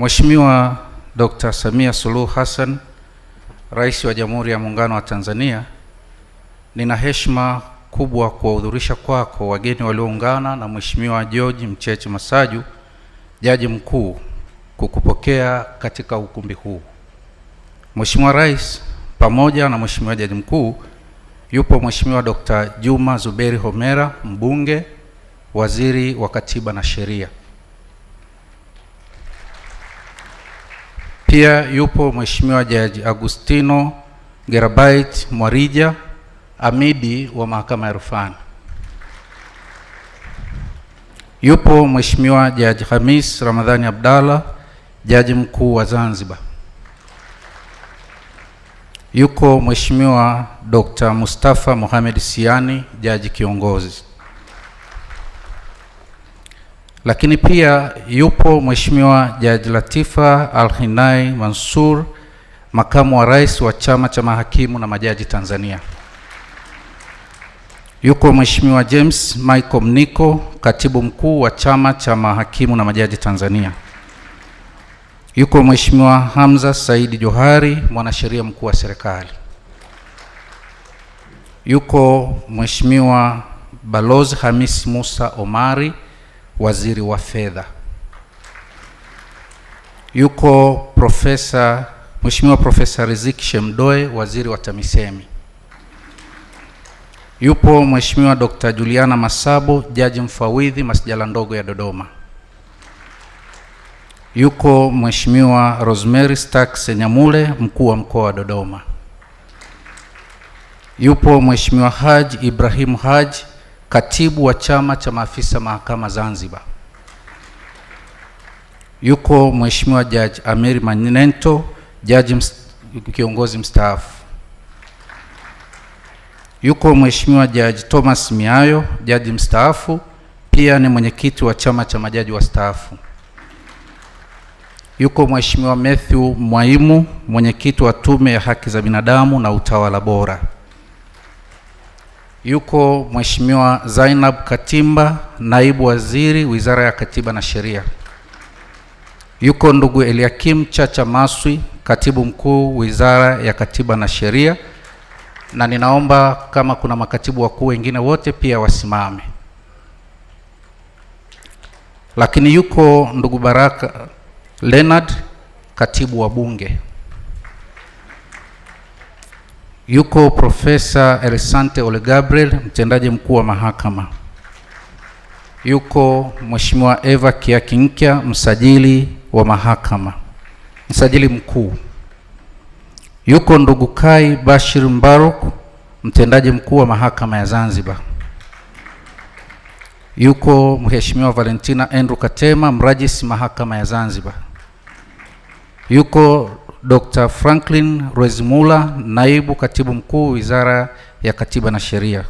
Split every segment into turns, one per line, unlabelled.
Mheshimiwa Dr. Samia Suluhu Hassan, Rais wa Jamhuri ya Muungano wa Tanzania, nina heshima kubwa kuwahudhurisha kwako wageni walioungana na Mheshimiwa George Mcheche Masaju, Jaji Mkuu, kukupokea katika ukumbi huu. Mheshimiwa Rais pamoja na Mheshimiwa Jaji Mkuu yupo Mheshimiwa Dr. Juma Zuberi Homera, Mbunge, Waziri wa Katiba na Sheria. Pia yupo Mheshimiwa Jaji Agustino Gerabait Mwarija Amidi wa Mahakama ya Rufani. Yupo Mheshimiwa Jaji Hamis Ramadhani Abdalla, Jaji Mkuu wa Zanzibar. Yuko Mheshimiwa Dr. Mustafa Mohamed Siani, Jaji Kiongozi. Lakini pia yupo Mheshimiwa Jaji Latifa Al-Hinai Mansur, makamu wa rais wa Chama cha Mahakimu na Majaji Tanzania. Yuko Mheshimiwa James Michael Mniko, katibu mkuu wa Chama cha Mahakimu na Majaji Tanzania. Yuko Mheshimiwa Hamza Saidi Johari, mwanasheria mkuu wa serikali. Yuko Mheshimiwa Balozi Hamis Musa Omari waziri wa fedha, yuko profesa Mheshimiwa Profesa Riziki Shemdoe, waziri wa TAMISEMI, yupo Mheshimiwa Dr. Juliana Masabo, jaji mfawidhi masijala ndogo ya Dodoma, yuko Mheshimiwa Rosemary Stack Senyamule, mkuu wa mkoa wa Dodoma, yupo Mheshimiwa Haji Ibrahim Haji katibu wa chama cha maafisa mahakama Zanzibar, yuko Mheshimiwa Jaji amir Manento, jaji mst kiongozi mstaafu, yuko Mheshimiwa Jaji Thomas Miayo, jaji mstaafu, pia ni mwenyekiti wa chama cha majaji wastaafu yuko Mheshimiwa Matthew Mwaimu, mwenyekiti wa Tume ya Haki za Binadamu na Utawala Bora yuko Mheshimiwa Zainab Katimba, naibu waziri Wizara ya Katiba na Sheria. Yuko ndugu Eliakim Chacha Maswi, katibu mkuu Wizara ya Katiba na Sheria, na ninaomba kama kuna makatibu wakuu wengine wote pia wasimame. Lakini yuko ndugu Baraka Leonard, katibu wa Bunge. Yuko Profesa Elisante Ole Gabriel, mtendaji mkuu wa mahakama. Yuko Mheshimiwa Eva Kiakinkya, msajili wa mahakama, msajili mkuu. Yuko ndugu Kai Bashir Mbaruk, mtendaji mkuu wa mahakama ya Zanzibar. Yuko Mheshimiwa Valentina Andrew Katema, mrajisi mahakama ya Zanzibar. Yuko Dr. Franklin Rwezimula, naibu katibu mkuu Wizara ya Katiba na Sheria.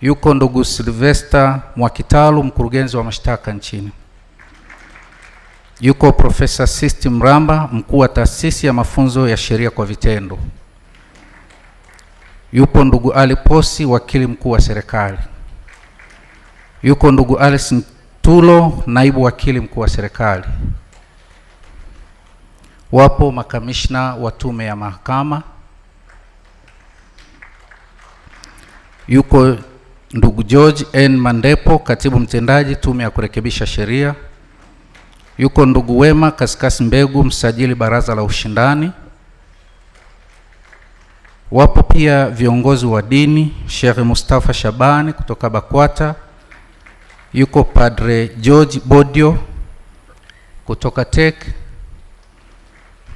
Yuko ndugu Sylvester Mwakitalu, mkurugenzi wa mashtaka nchini. Yuko Profesa Sisti Mramba, mkuu wa taasisi ya mafunzo ya sheria kwa vitendo. Yupo ndugu Ali Posi, wakili mkuu wa serikali. Yuko ndugu Alice Ntulo, naibu wakili mkuu wa serikali. Wapo makamishna wa Tume ya Mahakama, yuko ndugu George N. Mandepo, katibu mtendaji Tume ya Kurekebisha Sheria, yuko ndugu Wema Kasikasi Mbegu, msajili Baraza la Ushindani. Wapo pia viongozi wa dini, Sheikh Mustafa Shabani kutoka Bakwata, yuko Padre George Bodio kutoka Tech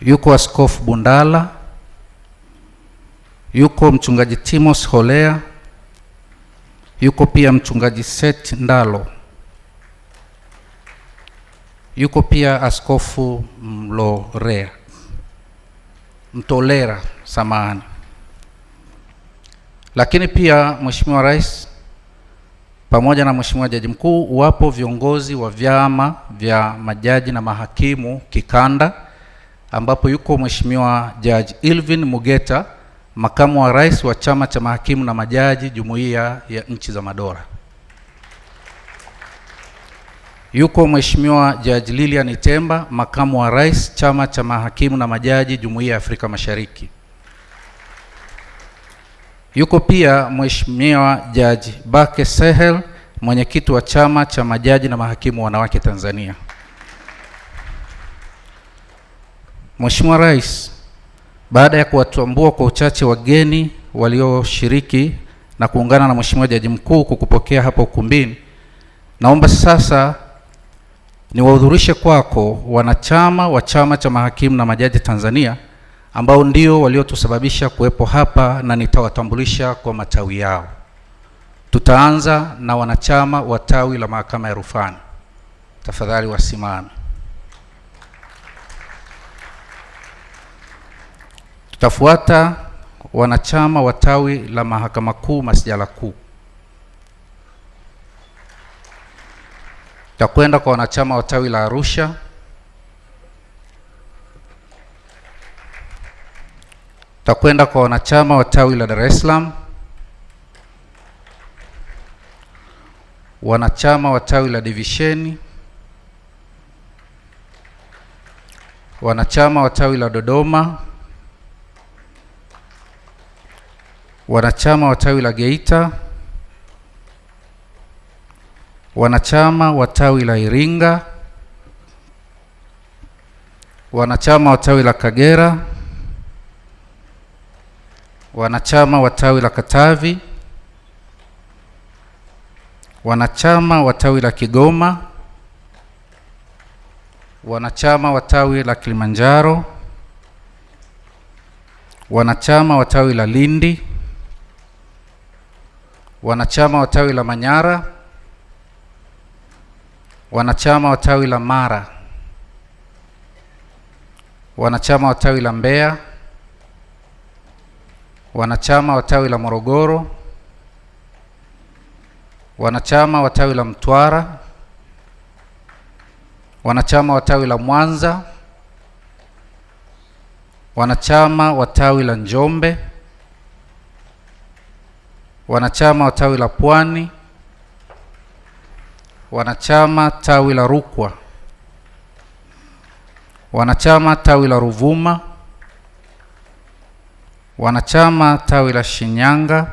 yuko Askofu Bundala, yuko Mchungaji Timos Holea, yuko pia Mchungaji Seth Ndalo, yuko pia Askofu Mlorea Mtolera, samahani. Lakini pia Mheshimiwa Rais pamoja na Mheshimiwa Jaji Mkuu, wapo viongozi wa vyama vya majaji na mahakimu kikanda ambapo yuko Mheshimiwa Judge Ilvin Mugeta, makamu wa rais wa Chama cha Mahakimu na Majaji Jumuiya ya Nchi za Madola. Yuko Mheshimiwa Judge Lilian Itemba, makamu wa rais, Chama cha Mahakimu na Majaji Jumuiya ya Afrika Mashariki. Yuko pia Mheshimiwa Judge Bake Sehel, mwenyekiti wa Chama cha Majaji na Mahakimu Wanawake Tanzania. Mheshimiwa Rais baada ya kuwatambua kwa uchache wageni walioshiriki na kuungana na Mheshimiwa Jaji Mkuu kukupokea hapa ukumbini, naomba sasa niwahudhurishe kwako wanachama wa Chama cha Mahakimu na Majaji Tanzania ambao ndio waliotusababisha kuwepo hapa na nitawatambulisha kwa matawi yao. Tutaanza na wanachama wa tawi la Mahakama ya Rufani. Tafadhali wasimame. Tutafuata wanachama wa tawi la Mahakama Kuu Masjala Kuu. Tutakwenda kwa wanachama wa tawi la Arusha. Tutakwenda kwa wanachama wa tawi la Dar es Salaam, wanachama wa tawi la divisheni, wanachama wa tawi la Dodoma wanachama wa tawi la Geita, wanachama wa tawi la Iringa, wanachama wa tawi la Kagera, wanachama wa tawi la Katavi, wanachama wa tawi la Kigoma, wanachama wa tawi la Kilimanjaro, wanachama wa tawi la Lindi wanachama wa tawi la Manyara, wanachama wa tawi la Mara, wanachama wa tawi la Mbeya, wanachama wa tawi la Morogoro, wanachama wa tawi la Mtwara, wanachama wa tawi la Mwanza, wanachama wa tawi la Njombe wanachama wa tawi la Pwani, wanachama tawi la Rukwa, wanachama tawi la Ruvuma, wanachama tawi la Shinyanga,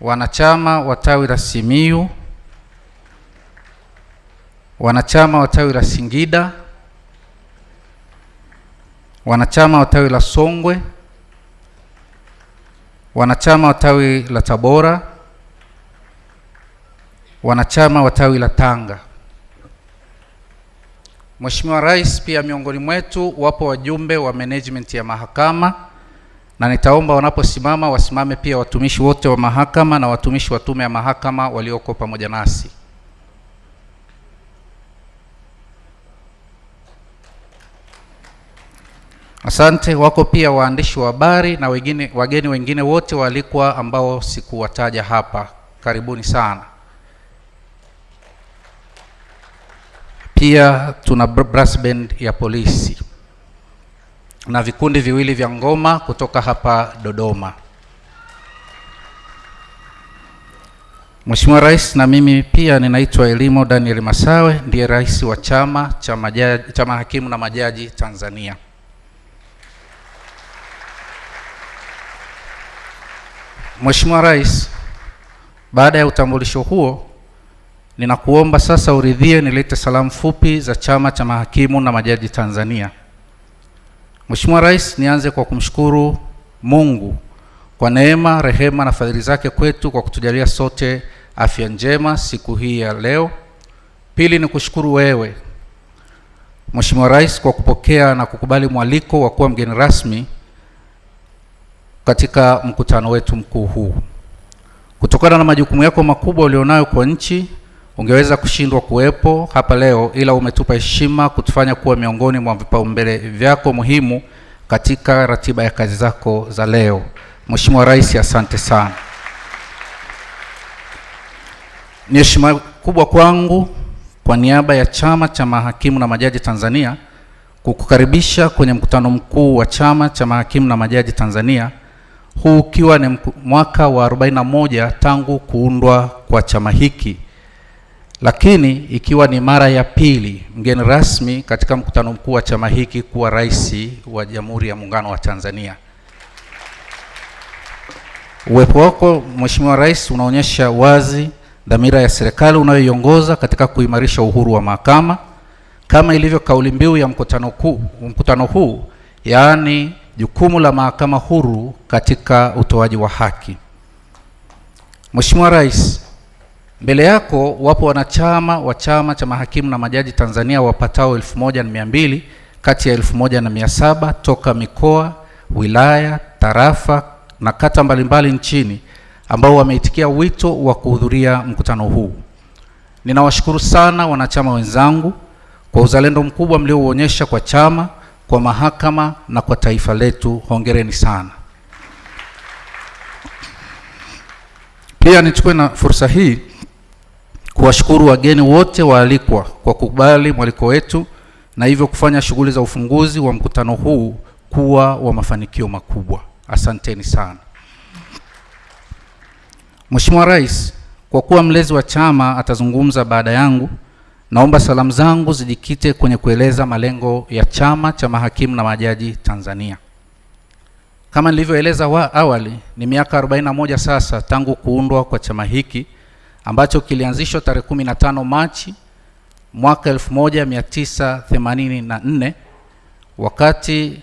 wanachama wa tawi la Simiyu, wanachama wa tawi la Singida, wanachama wa tawi la Songwe wanachama wa tawi la Tabora, wanachama wa tawi la Tanga. Mheshimiwa Rais, pia miongoni mwetu wapo wajumbe wa management ya mahakama, na nitaomba wanaposimama wasimame pia watumishi wote wa mahakama na watumishi wa tume ya mahakama walioko pamoja nasi. Asante. Wako pia waandishi wa habari na wengine, wageni wengine wote walikuwa ambao sikuwataja hapa, karibuni sana. Pia tuna brass band ya polisi na vikundi viwili vya ngoma kutoka hapa Dodoma. Mheshimiwa Rais, na mimi pia ninaitwa Elimo Daniel Masawe, ndiye rais wa chama cha majaji, hakimu na majaji Tanzania. Mheshimiwa Rais, baada ya utambulisho huo, ninakuomba sasa uridhie nilete salamu fupi za Chama cha Mahakimu na Majaji Tanzania. Mheshimiwa Rais, nianze kwa kumshukuru Mungu kwa neema, rehema na fadhili zake kwetu kwa kutujalia sote afya njema siku hii ya leo. Pili ni kushukuru wewe Mheshimiwa Rais kwa kupokea na kukubali mwaliko wa kuwa mgeni rasmi katika mkutano wetu mkuu huu. Kutokana na majukumu yako makubwa ulionayo kwa nchi, ungeweza kushindwa kuwepo hapa leo, ila umetupa heshima kutufanya kuwa miongoni mwa vipaumbele vyako muhimu katika ratiba ya kazi zako za leo. Mheshimiwa Rais, asante sana. Ni heshima kubwa kwangu kwa niaba ya Chama cha Mahakimu na Majaji Tanzania kukukaribisha kwenye mkutano mkuu wa Chama cha Mahakimu na Majaji Tanzania huu ukiwa ni mwaka wa 41 tangu kuundwa kwa chama hiki, lakini ikiwa ni mara ya pili mgeni rasmi katika mkutano mkuu wa chama hiki kuwa rais wa Jamhuri ya Muungano wa Tanzania. Uwepo wako Mheshimiwa Rais unaonyesha wazi dhamira ya serikali unayoiongoza katika kuimarisha uhuru wa mahakama kama ilivyo kauli mbiu ya mkutano, mkutano huu yaani jukumu la mahakama huru katika utoaji wa haki. Mheshimiwa Rais, mbele yako wapo wanachama wa Chama cha Mahakimu na Majaji Tanzania wapatao elfu moja na mia mbili kati ya elfu moja na mia saba toka mikoa, wilaya, tarafa na kata mbalimbali nchini ambao wameitikia wito wa kuhudhuria mkutano huu. Ninawashukuru sana wanachama wenzangu kwa uzalendo mkubwa mliouonyesha kwa chama kwa mahakama na kwa taifa letu. Hongereni sana. Pia nichukue na fursa hii kuwashukuru wageni wote waalikwa kwa kukubali mwaliko wetu na hivyo kufanya shughuli za ufunguzi wa mkutano huu kuwa wa mafanikio makubwa. Asanteni sana. Mheshimiwa Rais, kwa kuwa mlezi wa chama atazungumza baada yangu Naomba salamu zangu zijikite kwenye kueleza malengo ya Chama cha Mahakimu na Majaji Tanzania. Kama nilivyoeleza awali, ni miaka 41 sasa tangu kuundwa kwa chama hiki ambacho kilianzishwa tarehe 15 Machi mwaka 1984 wakati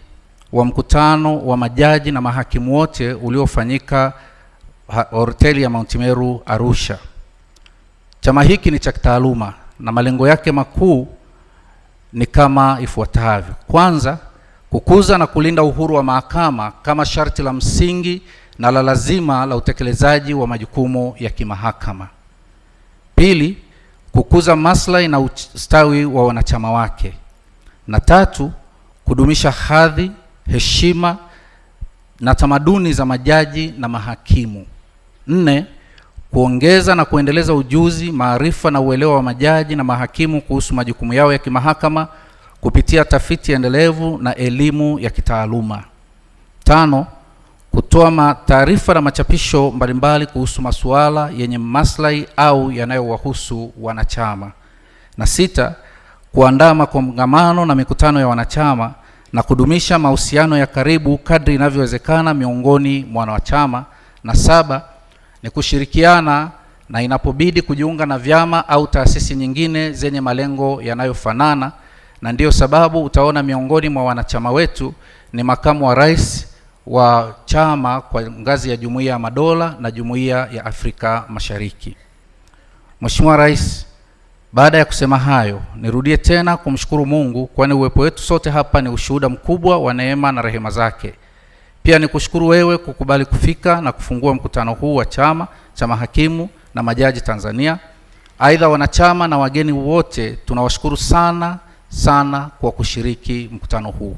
wa mkutano wa majaji na mahakimu wote uliofanyika hoteli ya Mount Meru Arusha. Chama hiki ni cha kitaaluma na malengo yake makuu ni kama ifuatavyo: kwanza, kukuza na kulinda uhuru wa mahakama kama sharti la msingi na la lazima la utekelezaji wa majukumu ya kimahakama; pili, kukuza maslahi na ustawi wa wanachama wake; na tatu, kudumisha hadhi, heshima na tamaduni za majaji na mahakimu; nne, kuongeza na kuendeleza ujuzi, maarifa na uelewa wa majaji na mahakimu kuhusu majukumu yao ya kimahakama kupitia tafiti endelevu na elimu ya kitaaluma. Tano, kutoa taarifa na machapisho mbalimbali kuhusu masuala yenye maslahi au yanayowahusu wanachama. Na sita, kuandaa makongamano na mikutano ya wanachama na kudumisha mahusiano ya karibu kadri inavyowezekana miongoni mwa wanachama. Na saba ni kushirikiana na inapobidi kujiunga na vyama au taasisi nyingine zenye malengo yanayofanana, na ndiyo sababu utaona miongoni mwa wanachama wetu ni makamu wa rais wa chama kwa ngazi ya Jumuiya ya Madola na Jumuiya ya Afrika Mashariki. Mheshimiwa Rais, baada ya kusema hayo, nirudie tena kumshukuru Mungu, kwani uwepo wetu sote hapa ni ushuhuda mkubwa wa neema na rehema zake. Pia nikushukuru wewe kukubali kufika na kufungua mkutano huu wa chama cha mahakimu na majaji Tanzania. Aidha, wanachama na wageni wote tunawashukuru sana sana kwa kushiriki mkutano huu.